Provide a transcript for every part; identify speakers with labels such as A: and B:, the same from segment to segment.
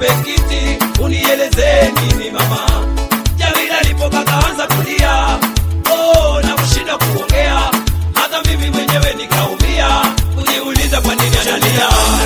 A: nikupe kiti unieleze nini mama jamili lipo kakaanza kulia oh, na kushinda kuongea hata mimi mwenyewe nikaumia kujiuliza kwa nini analia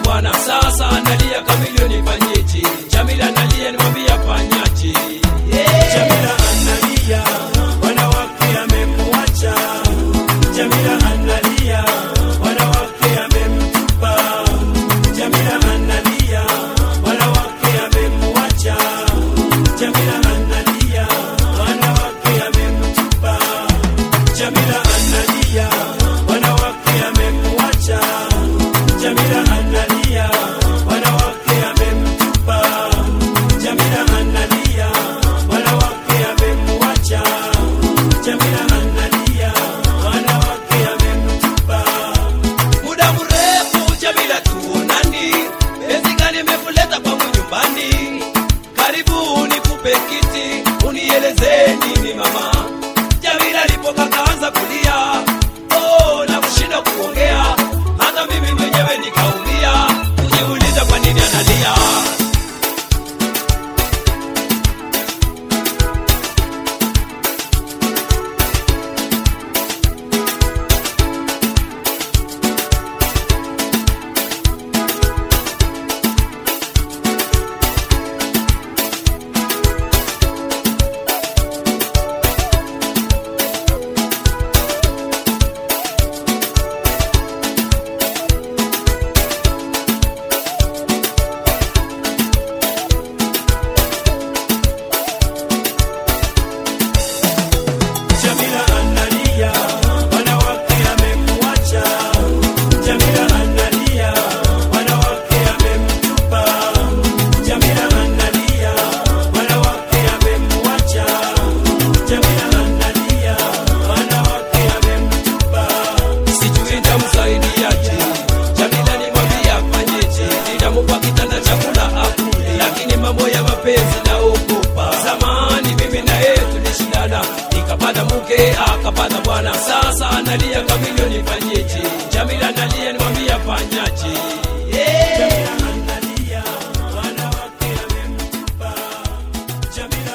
A: nini mama? Jamila lipo kaka analia Kamilio, nifanyeje? Jamila nimwambia fanyaje? Jamila analia, mwana wake Jamila